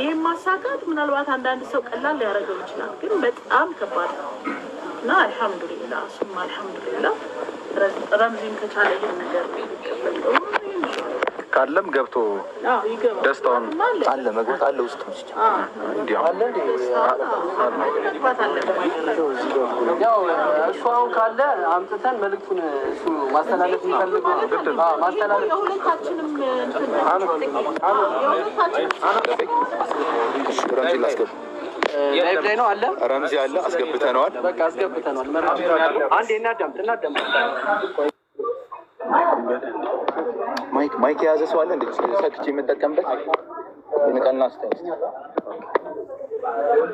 ይህ ማሳካት ምናልባት አንዳንድ ሰው ቀላል ሊያደርገው ይችላል፣ ግን በጣም ከባድ ነው እና አልሐምዱሊላ እሱም አልሐምዱሊላ ረምዚም ከቻለ ይህን ነገር ካለም ገብቶ ደስታውን አለ መግባት አለ ውስጥ እሱ ካለ አምጥተን መልዕክቱን እሱ ማስተላለፍ ላይ ነው አለ ረምዚ አለ አስገብተነዋል። በቃ አስገብተነዋል። አንዴ እናዳምጥ እናዳምጥ ማይክ ማይክ የያዘ ሰው አለ እንደ ሰክቼ የምጠቀምበት ንቀና ስታይ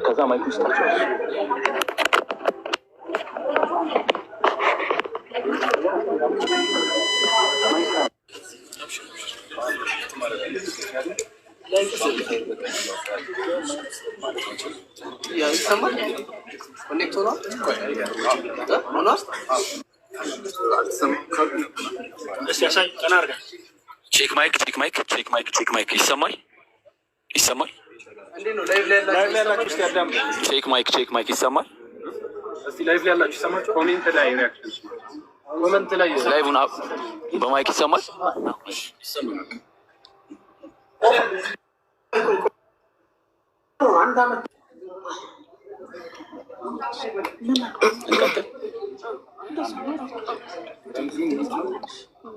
ከዛ ማይክ ውስጥ ያሳይ ቀና አድርጋ ቼክ ማይክ ቼክ ማይክ ይሰማል ይሰማል ቼክ ማይክ ቼክ ማይክ ይሰማል። ላይቭ በማይክ ይሰማል።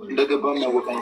እንደገባ ያወቃኝ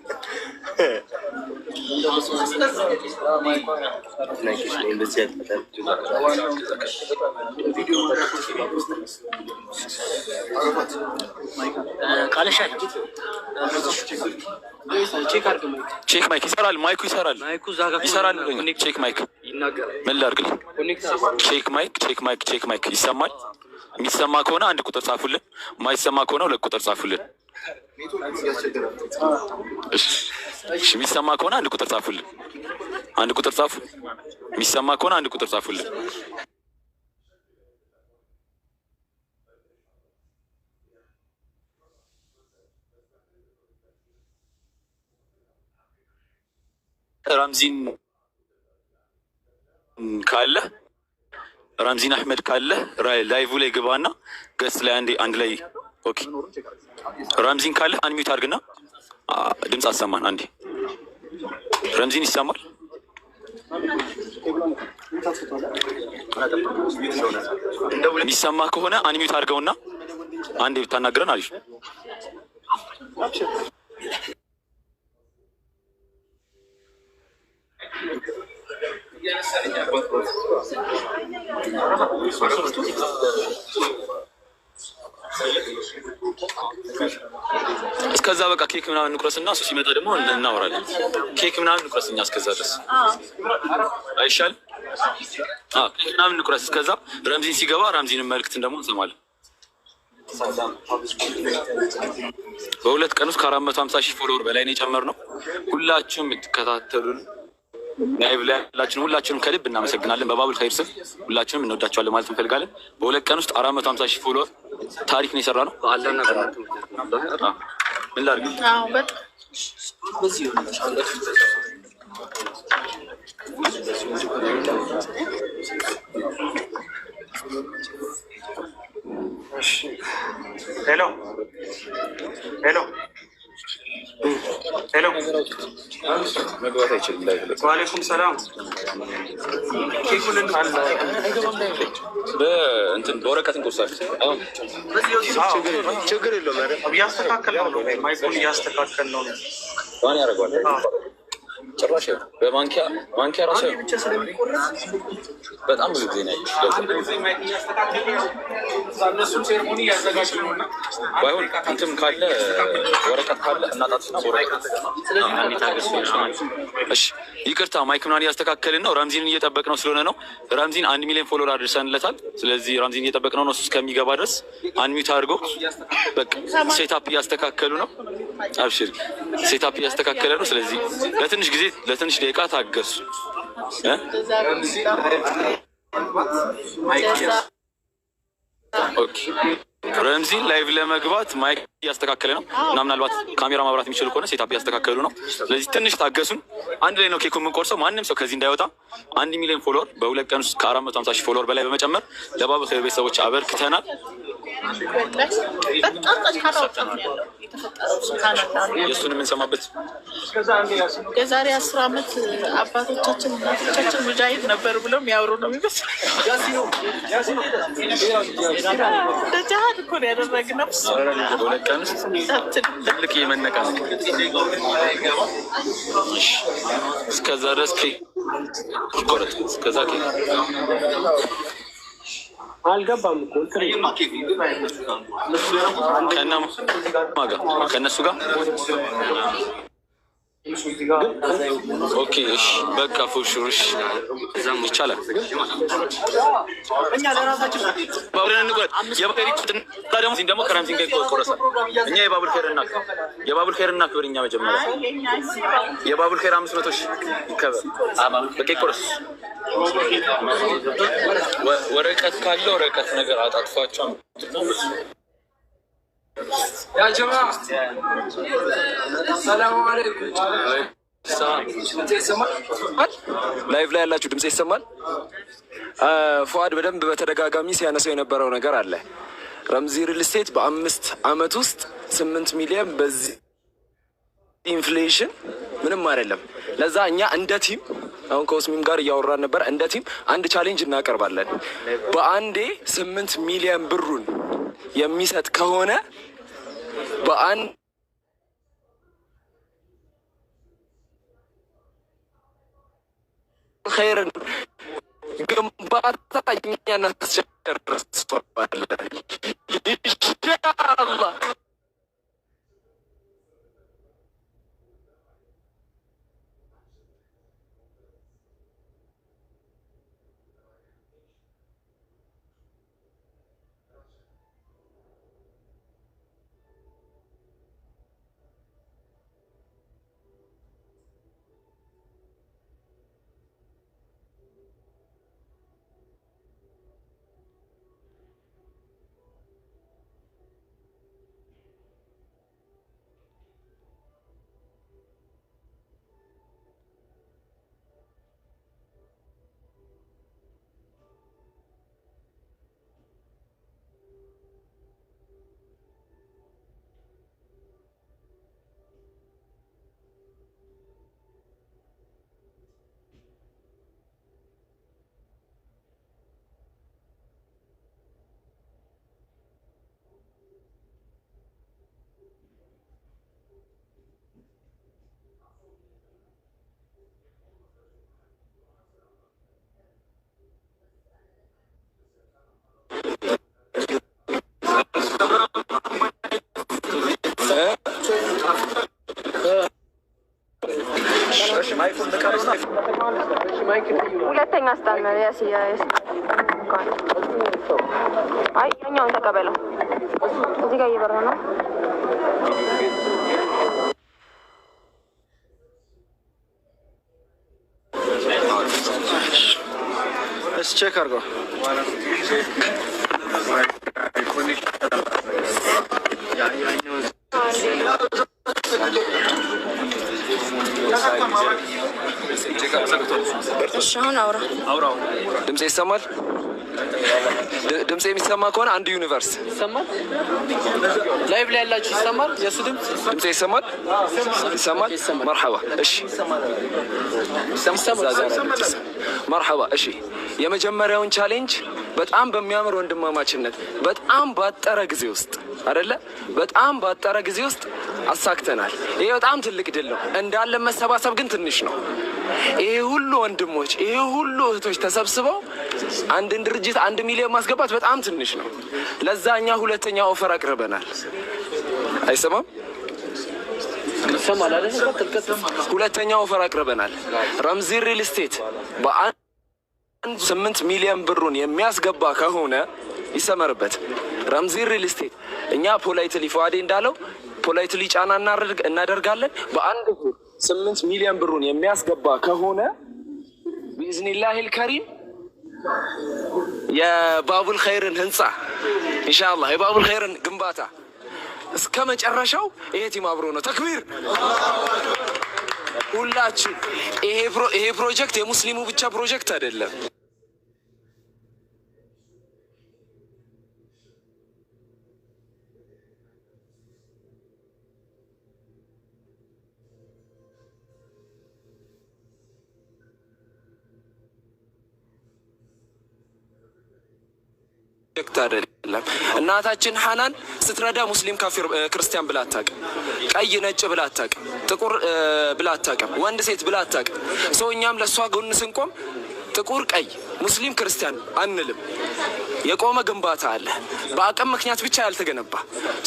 ቼክ ማይክ ይሰራል። ማይኩ ይሰራል። ይሰራል። ቼክ ማይክ ምን ላድርግልህ? ቼክ ማይክ ቼክ ማይክ ቼክ ማይክ ይሰማል። የሚሰማ ከሆነ አንድ ቁጥር ጻፉልን። የማይሰማ ከሆነ ሁለት ቁጥር ጻፉልን። እሺ፣ የሚሰማ ከሆነ አንድ ቁጥር ጻፉልን። አንድ ቁጥር ጻፉ። የሚሰማ ከሆነ አንድ ቁጥር ጻፉልን። ራምዚን ካለ ራምዚን አህመድ ካለ ላይቭ ላይ ግባና ገጽ ላይ አንድ ላይ ኦኬ። ራምዚን ካለ አንሚዩት አድርግና ድምፅ አሰማን። አንዴ ረምዚን ይሰማል? የሚሰማ ከሆነ አንሚዩት አድርገውና አንዴ ብታናግረን አሪፍ። እስከዛ በቃ ኬክ ምናምን እንቁረስ እና እሱ ሲመጣ ደግሞ እናወራለን። ኬክ ምናምን እንቁረስ እኛ እስከዛ ድረስ አይሻል? ኬክ ምናምን እንቁረስ። እስከዛ ረምዚን ሲገባ ረምዚን መልክትን ደግሞ እንሰማለን። በሁለት ቀን ውስጥ ከአራት መቶ ሀምሳ ሺህ ፎሎወር በላይ ነው የጨመርነው። ሁላችሁም የምትከታተሉን ላይቭ ላይ ያላችሁን ሁላችሁንም ከልብ እናመሰግናለን። በባቡል ኸይር ስም ሁላችሁንም እንወዳቸዋለን ማለት እንፈልጋለን። በሁለት ቀን ውስጥ አራት መቶ ሀምሳ ሺህ ፎሎወር ታሪክ ነው የሰራ ነው። ምን ላድርግ? ሄሎ ሄሎ ሄሎ። መግባት አይችልም። ዋሌኩም ሰላም በወረቀት እንቆሳለች። ችግር የለውም። እያስተካከል ነው ነው። ጭራሽ በማንኪያ ማንኪያ ራሱ በጣም ብዙ ጊዜ ነው። ባይሆን እንትም ካለ ወረቀት ካለ እናጣትና ወረቀት ይቅርታ ማይክናን እያስተካከልን ነው። ረምዚን እየጠበቅነው ስለሆነ ነው። ረምዚን አንድ ሚሊዮን ፎሎወር አድርሰንለታል። ስለዚህ ረምዚን እየጠበቅነው ነው። እሱ እስከሚገባ ድረስ አንሚት አድርጎ ሴታፕ እያስተካከሉ ነው። አብሽር ሴታፕ እያስተካከለ ነው። ስለዚህ ለትንሽ ጊዜ ለትንሽ ደቂቃ ታገሱ። ኦኬ ረምዚ ላይቭ ለመግባት ማይክ እያስተካከለ ነው እና ምናልባት ካሜራ ማብራት የሚችሉ ከሆነ ሴታፕ እያስተካከሉ ነው። ስለዚህ ትንሽ ታገሱን። አንድ ላይ ነው ኬኩ የምንቆርሰው። ማንም ሰው ከዚህ እንዳይወጣ። አንድ ሚሊዮን ፎሎወር በሁለት ቀን ውስጥ ከአራት መቶ ሀምሳ ሺህ ፎሎወር በላይ በመጨመር ለባብ ቤተሰቦች አበርክተናል። በጣም ጠንካራ ወጣት ነው ያለው የእሱን የምንሰማበት የዛሬ አስር ዓመት አባቶቻችን እናቶቻችን ሙጃሂድ ነበር ብለው የሚያወሩ ነው የሚመስል። እንደ ጃሃድ እኮ ያደረግነው። ትልቅ የመነቃነቅ እስከዛ ድረስ እስከዛ አልገባም እኮ ከነሱ ጋር ኦኬ እሺ፣ በቃ ፎሹርሽ ይቻላል። እኛ ለራሳችን ባቡሬን እንቁረጥ። የባቡሬ ደግሞ ደግሞ ከረምሲን ጋር ይቆረሳል። እኛ የባቡር ኸይር እና የባቡል ኸይር እና ክብር እኛ መጀመሪያ የባቡር ኸይር አምስት መቶ ሺህ ይከበር። በቃ ይቆረስ። ወረቀት ካለ ወረቀት ነገር አጣጥፏቸው ያ ጀማ አለይኩም። ላይቭ ላይ ያላችሁ ድምፅ ይሰማል? ፉአድ በደንብ በተደጋጋሚ ሲያነሳው የነበረው ነገር አለ። ረምዚ ሪል ስቴት በአምስት አመት ውስጥ ስምንት ሚሊዮን በዚህ ኢንፍሌሽን ምንም አይደለም። ለዛ እኛ እንደ ቲም አሁን ከውስሚም ጋር እያወራን ነበር። እንደ ቲም አንድ ቻሌንጅ እናቀርባለን። በአንዴ ስምንት ሚሊዮን ብሩን የሚሰጥ ከሆነ በአንድ ኸይርን ግንባታ እኛ እናስጨርሰዋለን ኢንሻአላህ። tal? ¿Me medio así ya es. Ay, ñoño, ese cabello. Así sigue ahí, perdón, ¿Es Che cargo? Bueno, sí. እሺ አሁን አውራ አውራ። ድምጽ ይሰማል? ድምጽ የሚሰማ ከሆነ አንድ ዩኒቨርስ ይሰማል። ላይቭ ላይ ያላችሁ ይሰማል? የእሱ ድምጽ ድምጽ ይሰማል? ይሰማል። መርሐባ። እሺ መርሐባ። እሺ የመጀመሪያውን ቻሌንጅ በጣም በሚያምር ወንድማማችነት በጣም ባጠረ ጊዜ ውስጥ አይደለ፣ በጣም ባጠረ ጊዜ ውስጥ አሳክተናል። ይሄ በጣም ትልቅ ድል ነው። እንዳለ መሰባሰብ ግን ትንሽ ነው። ይሄ ሁሉ ወንድሞች፣ ይሄ ሁሉ እህቶች ተሰብስበው አንድን ድርጅት አንድ ሚሊዮን ማስገባት በጣም ትንሽ ነው። ለዛ እኛ ሁለተኛ ኦፈር አቅርበናል። አይሰማም ሁለተኛ ኦፈር አቅርበናል። ረምዚ ሪል ስቴት በአንድ ስምንት ሚሊዮን ብሩን የሚያስገባ ከሆነ ይሰመርበት። ረምዚ ሪል ስቴት እኛ ፖላይትሊ ፈዋዴ እንዳለው ፖላይትሊ ጫና እናደርጋለን። በአንድ ብር ስምንት ሚሊዮን ብሩን የሚያስገባ ከሆነ ቢዝኒላሂል ከሪም የባቡል ኸይርን ህንፃ ኢንሻአላህ የባቡል ኸይርን ግንባታ እስከ መጨረሻው ይሄ ቲም አብሮ ነው። ተክቢር ሁላችን። ይሄ ፕሮጀክት የሙስሊሙ ብቻ ፕሮጀክት አይደለም። ፕሮጀክት አይደለም። እናታችን ሐናን ስትረዳ ሙስሊም ካፊር፣ ክርስቲያን ብላ አታውቅም። ቀይ ነጭ ብላ አታውቅም። ጥቁር ብላ አታውቅም። ወንድ ሴት ብላ አታውቅም። ሰው እኛም ለእሷ ጎን ስንቆም ጥቁር ቀይ፣ ሙስሊም ክርስቲያን አንልም። የቆመ ግንባታ አለ በአቅም ምክንያት ብቻ ያልተገነባ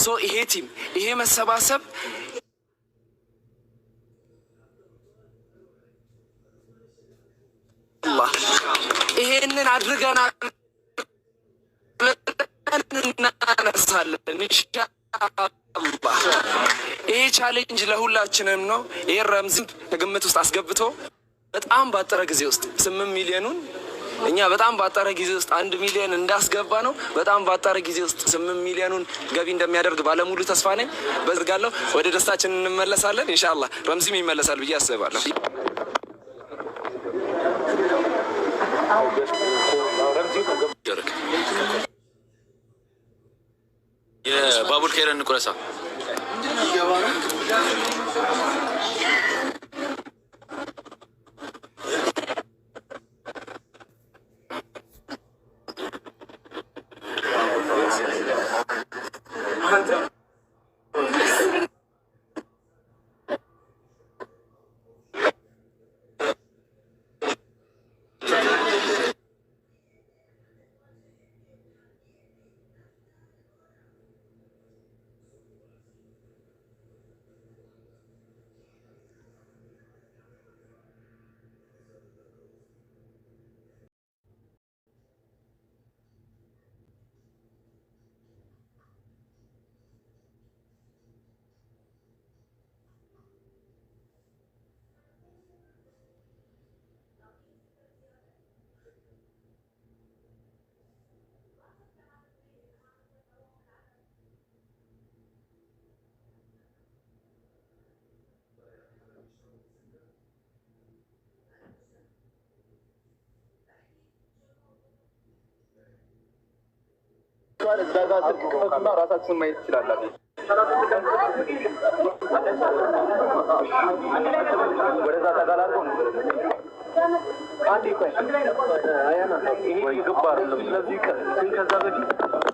ሶ ይሄ ቲም ይሄ መሰባሰብ ይሄንን አድርገናል። ቀን እናነሳለን ቻሌንጅ ለሁላችንም ነው። ይሄ ረምዝን ከግምት ውስጥ አስገብቶ በጣም ባጠረ ጊዜ ውስጥ ስምንት ሚሊዮኑን እኛ በጣም ባጠረ ጊዜ ውስጥ አንድ ሚሊዮን እንዳስገባ ነው። በጣም ባጠረ ጊዜ ውስጥ ስምንት ሚሊዮኑን ገቢ እንደሚያደርግ ባለሙሉ ተስፋ ነኝ። በዝጋለሁ። ወደ ደስታችን እንመለሳለን እንሻላ ረምዚም ይመለሳል ብዬ አስባለሁ። የባቡል ከይረን ቁረሳ ይዟል። እዛ ጋር ስልክና ራሳችሁን ማየት ትችላላችሁ። ወደዛ ጠጋላለ አንድ ይሄ ግባ ከዛ በፊት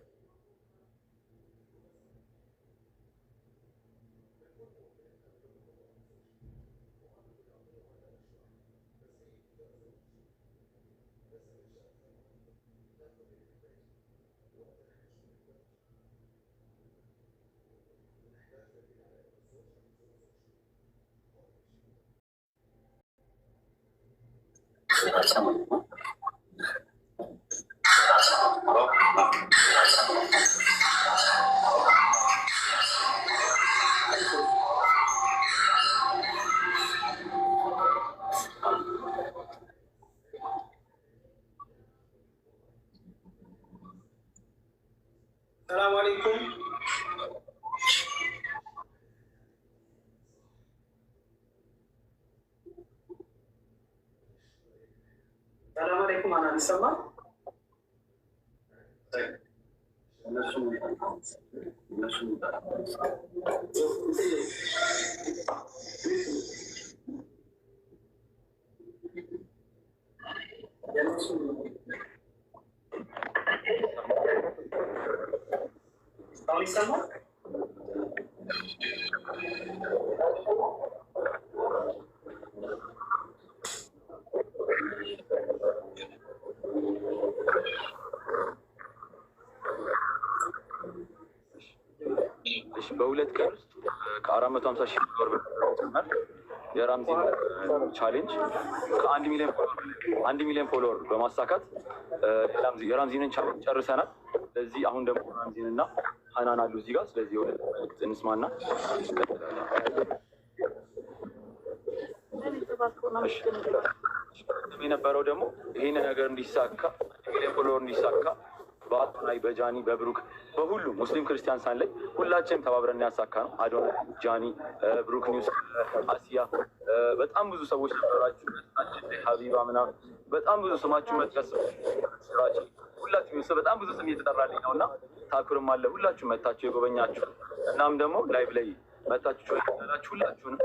ይሰማል? በሁለት ቀን ውስጥ ከአራት መቶ ሀምሳ ሺህ ብር ጨመር የራምዚ ቻሌንጅ ከአንድ ሚሊዮን አንድ ሚሊዮን ፎሎወር በማሳካት የራምዚንን ቻሌንጅ ጨርሰናል። ለዚህ አሁን ደግሞ ራምዚንና ህፃናን አሉ እዚህ ጋር። ስለዚህ ወደ መልዕክት እንስማና የነበረው ደግሞ ይህን ነገር እንዲሳካ ፖሎ እንዲሳካ በአቶናይ በጃኒ በብሩክ በሁሉም ሙስሊም ክርስቲያን ሳን ላይ ሁላችንም ተባብረን ያሳካ ነው። አዶናይ ጃኒ፣ ብሩክ ኒውስ፣ አሲያ በጣም ብዙ ሰዎች ነበራችሁ። ሀቢባ ምናምን በጣም ብዙ ስማችሁ መጥቀስ ሁላችሁ በጣም ብዙ ስም እየተጠራልኝ ነው እና ታኩርም አለ። ሁላችሁ መታችሁ የጎበኛችሁ እናም ደግሞ ላይቭ ላይ መታችሁ ላላችሁ ሁላችሁንም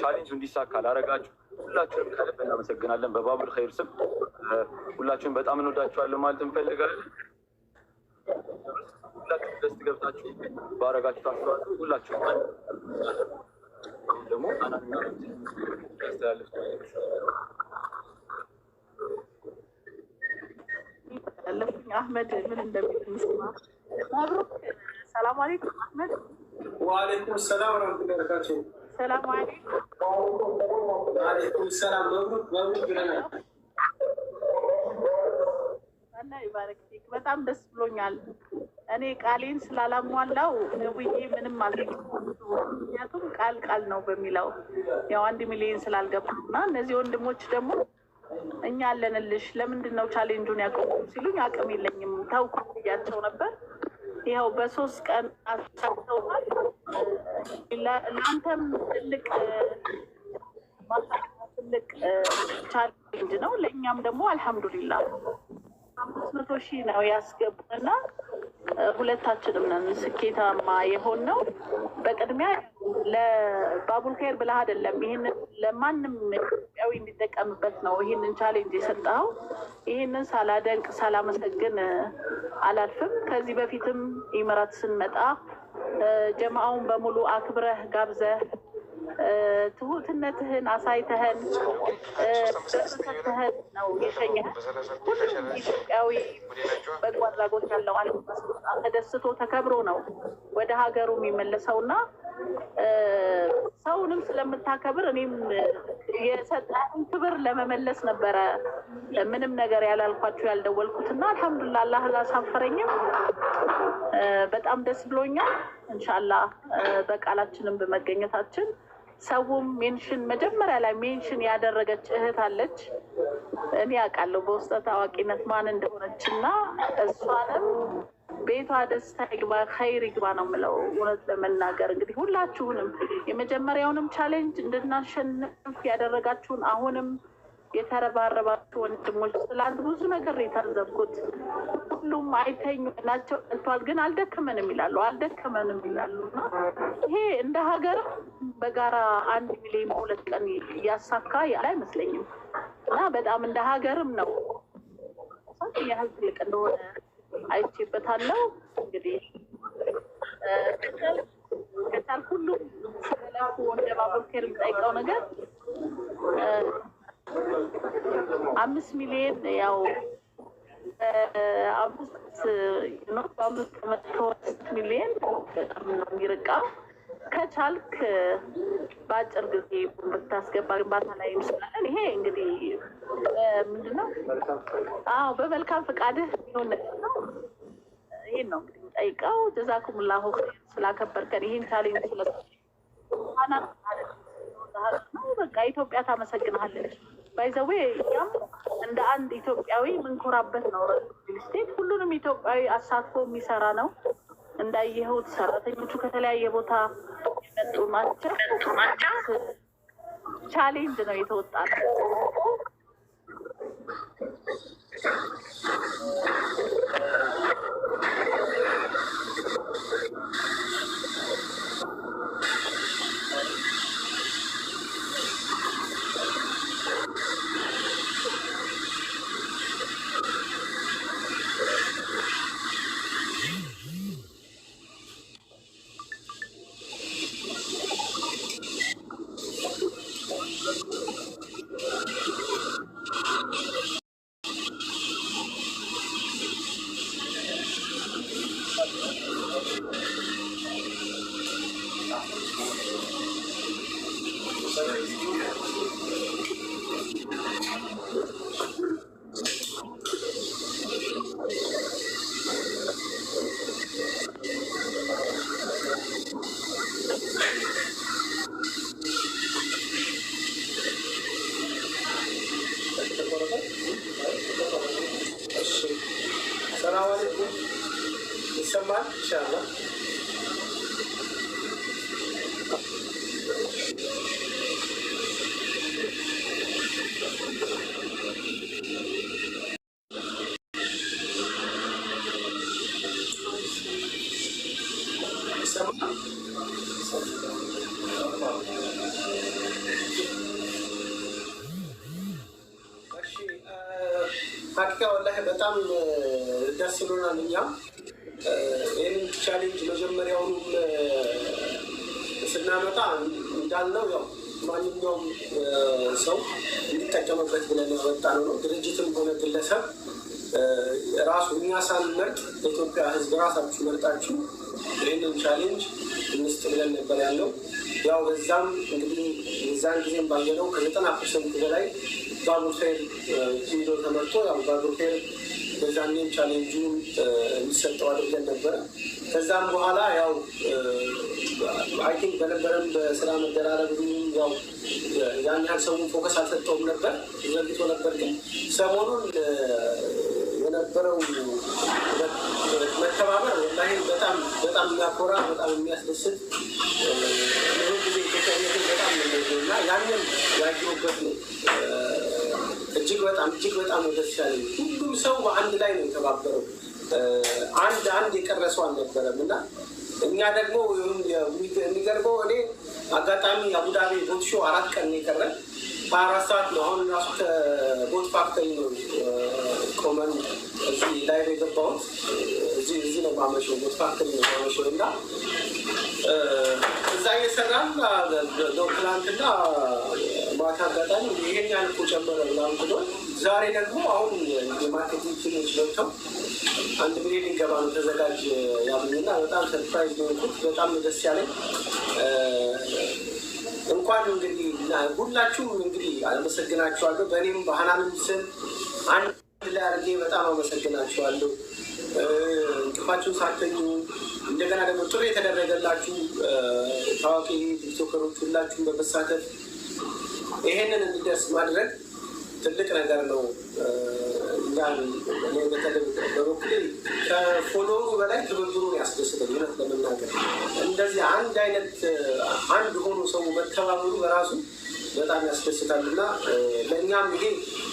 ቻሌንጅ እንዲሳካ ላረጋችሁ ሁላችሁንም ከልብ እናመሰግናለን። በባቡል ኸይር ስም ሁላችሁን በጣም እንወዳችኋለን ማለት እንፈልጋለን። ሁላችሁም ደስ ገብታችሁ ባረጋችሁ ታስተዋል። ሁላችሁ ደግሞ አናስተላለፍ አህመድ ምን እንደሚል ሰላም አሌይኩም አህመድ። ዋአሌይኩም ሰላም በረካቱ። ሰላም አሌይኩም ሰላም። መብሩክ መብሩክ ብለናል። በጣም ደስ ብሎኛል። እኔ ቃሌን ስላላሟላው ነብዬ ምንም አልገ ምክንያቱም ቃል ቃል ነው በሚለው ያው አንድ ሚሊዮን ስላልገባ እና እነዚህ ወንድሞች ደግሞ እኛ አለንልሽ፣ ለምንድን ነው ቻሌንጁን ያቆሙ ሲሉኝ አቅም የለኝም ተውኩ ብያቸው ነበር። ይኸው በሶስት ቀን አሳተውናል። ለአንተም ትልቅ ትልቅ ቻሌንጅ ነው፣ ለእኛም ደግሞ አልሐምዱሊላ አምስት መቶ ሺህ ነው ያስገቡንና ሁለታችንም ነን ስኬታማ የሆን ነው። በቅድሚያ ለባቡል ኸይር ብለህ አይደለም ይህንን ለማንም እንድንጠቀምበት ነው ይህንን ቻሌንጅ የሰጠው። ይህንን ሳላደንቅ ሳላመሰግን አላልፍም። ከዚህ በፊትም ኢምራት ስንመጣ ጀማአውን በሙሉ አክብረህ ጋብዘህ ትሁትነትህን አሳይተህን በርሰትህን ነው የሸኘህን። ሁሉም ኢትዮጵያዊ በጎ አድራጎት ያለው አለ ተደስቶ ተከብሮ ነው ወደ ሀገሩ የሚመለሰውና ሰውንም ስለምታከብር እኔም የሰጣን ክብር ለመመለስ ነበረ ምንም ነገር ያላልኳችሁ ያልደወልኩት እና አልሐምዱላ አላህ አላሳፈረኝም። በጣም ደስ ብሎኛል። እንሻላ በቃላችንም በመገኘታችን ሰውም ሜንሽን መጀመሪያ ላይ ሜንሽን ያደረገች እህት አለች። እኔ ያውቃለሁ በውስጠ ታዋቂነት ማን እንደሆነች እና እሷንም ቤቷ ደስታ ይግባ፣ ኸይር ይግባ ነው የምለው። እውነት ለመናገር እንግዲህ ሁላችሁንም የመጀመሪያውንም ቻሌንጅ እንድናሸንፍ ያደረጋችሁን አሁንም የተረባረባችሁ ወንድሞች ስላንድ ብዙ ነገር የታዘብኩት ሁሉም አይተኙ ናቸው እልቷል፣ ግን አልደከመንም ይላሉ አልደከመንም ይላሉ። እና ይሄ እንደ ሀገር በጋራ አንድ ሚሊዮን ሁለት ቀን እያሳካ ያለ አይመስለኝም እና በጣም እንደ ሀገርም ነው ያህል ትልቅ እንደሆነ አይቼበታለሁ። እንግዲህ ከቻል ሁሉም ስለላኩ ወደ ባቡር ኬር የምጠይቀው ነገር አምስት ሚሊዮን ያው አምስት ነው በአምስት መቶ አምስት ሚሊዮን በጣም ነው የሚርቃው። ከቻልክ በአጭር ጊዜ ብታስገባ ግንባታ ላይ እንችላለን። ይሄ እንግዲህ ምንድነው? አዎ በመልካም ፈቃድህ ሆነ ይሄን ነው እንግዲህ ጠይቀው ጀዛኩሙላ ሆ ስላከበርከን ይህን ቻሌንጅ ስለ ነው በቃ ኢትዮጵያ ታመሰግናለች። ባይዘዌ ያም እንደ አንድ ኢትዮጵያዊ ምንኮራበት ነው። ሪል ስቴት ሁሉንም ኢትዮጵያዊ አሳትፎ የሚሰራ ነው። እንዳየኸውት ሰራተኞቹ ከተለያየ ቦታ የመጡ ናቸው። ቻሌንጅ ነው የተወጣ ነው። İnşallah. በዛም እንግዲህ የዛን ጊዜም ባየነው ከዘጠና ፐርሰንት በላይ ባቡር ፌር ኪሚዶ ተመርቶ ያው ባቡር ፌር በዛኔ ቻሌንጁ የሚሰጠው አድርገን ነበረ። ከዛም በኋላ ያው አይ ቲንክ በነበረም በስራ መደራረብ ያው ያን ያህል ሰውን ፎከስ አልሰጠውም ነበር ዘግቶ ነበር። ግን ሰሞኑን የነበረው መተባበር ላይ በጣም በጣም የሚያኮራ በጣም የሚያስደስት ብዙ ጊዜ ኢትዮጵያዊነትን በጣም ነው እና ያንን ያየሁበት ነው። እጅግ በጣም እጅግ በጣም ነው ደስ ያለኝ። ሁሉም ሰው በአንድ ላይ ነው የተባበረው። አንድ አንድ የቀረ ሰው አልነበረም እና እኛ ደግሞ የሚገርመው እኔ አጋጣሚ አቡዳቢ ቦት ሾው አራት ቀን የቀረን በአራት ሰዓት ነው። አሁን ራሱ ከቦት ፓርክ ነው ቆመን እዚህ ላይ ነው የገባሁት። እዚህ እዚህ ነው ማመሸው ሞስታክል ነው ማመሸው እና እዛ እየሰራን ትናንትና ማታ አጋጣሚ ይሄን ያልኩ ጨመረ ምናምን ብሎ ዛሬ ደግሞ አሁን የማርኬቲንግ ፊልሞች ገብተው አንድ ሚሊዮን ሊገባ ነው ተዘጋጅ ያሉኝና በጣም ሰርፕራይዝ ሆንኩት። በጣም ደስ ያለኝ እንኳን እንግዲህ ሁላችሁም እንግዲህ አመሰግናችኋለሁ በእኔም በሀናንም ስም ላርጌ በጣም አመሰግናችኋለሁ። እንቅፋችሁን ሳተኙ እንደገና ደግሞ ጥሩ የተደረገላችሁ ታዋቂ ቲክቶከሮች ሁላችሁን በመሳተፍ ይሄንን እንዲደርስ ማድረግ ትልቅ ነገር ነው። በበኩል ከፎሎሩ በላይ ትብብሩን ያስደስተኝ። ነት ለመናገር እንደዚህ አንድ አይነት አንድ ሆኖ ሰው መተባበሩ በራሱ በጣም ያስደስታል እና ለእኛም ይሄ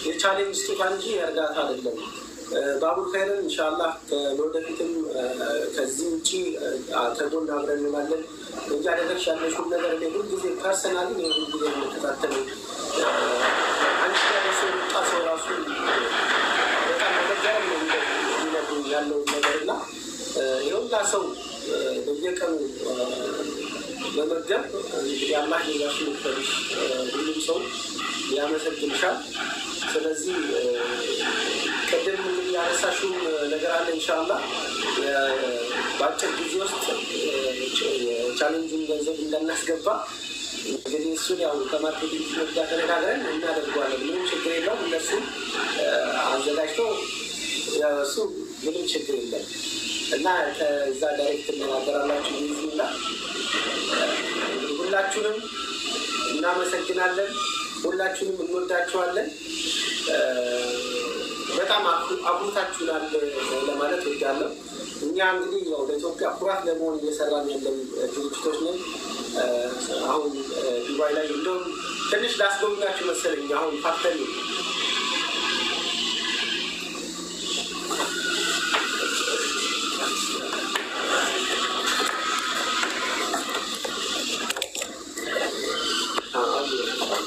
የቻሌንጅ ስጦታ እንጂ የእርዳታ አይደለም። ባቡል ኸይርን እንሻላ ለወደፊትም ከዚህ ውጭ ከጎን አብረን እንሆናለን። እያደረግሽ ያለሽውን ነገር ላይ ሁልጊዜ ፐርሰናሊ ሁልጊዜ የምንከታተለው አንቺ ወጣ ሰው ራሱ በጣም ነው የሚነግሩኝ ያለውን ነገር እና የወጣ ሰው በየቀኑ በመርገም እንግዲህ አላህ ሌላሽ ምፈልሽ ሁሉም ሰው ያመሰግንሻል። ስለዚህ ቅድም ያነሳሽው ነገር አለ እንሻላ በአጭር ጊዜ ውስጥ ቻሌንጅን ገንዘብ እንዳናስገባ እንግዲህ እሱን ያው ከማርኬቲንግ መጋ ተነጋግረን እናደርገዋለን። ምንም ችግር የለውም። እነሱ አዘጋጅተው እሱ ምንም ችግር የለም እና ከዛ ዳይሬክት እናገራላችሁ ይዝና ሁላችሁንም እናመሰግናለን። ሁላችሁንም እንወዳችኋለን። በጣም አኩርታችሁናል ለማለት ወዳለው። እኛ እንግዲህ ያው ለኢትዮጵያ ኩራት ለመሆን እየሰራን ያለን ድርጅቶች ነን። አሁን ዱባይ ላይ እንደውም ትንሽ ላስጎብኛችሁ መሰለኝ አሁን ፓርተን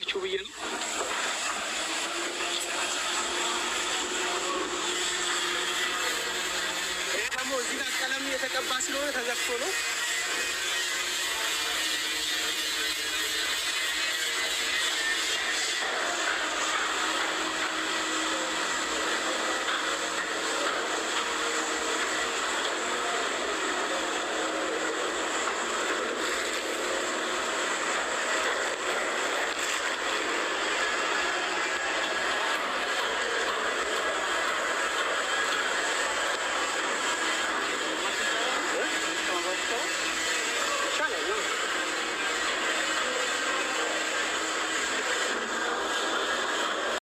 ልትፈልጊው ብዬ ነው። ይህ ደግሞ እዚህ ጋር ቀለም የተቀባ ስለሆነ ተዘግቶ ነው።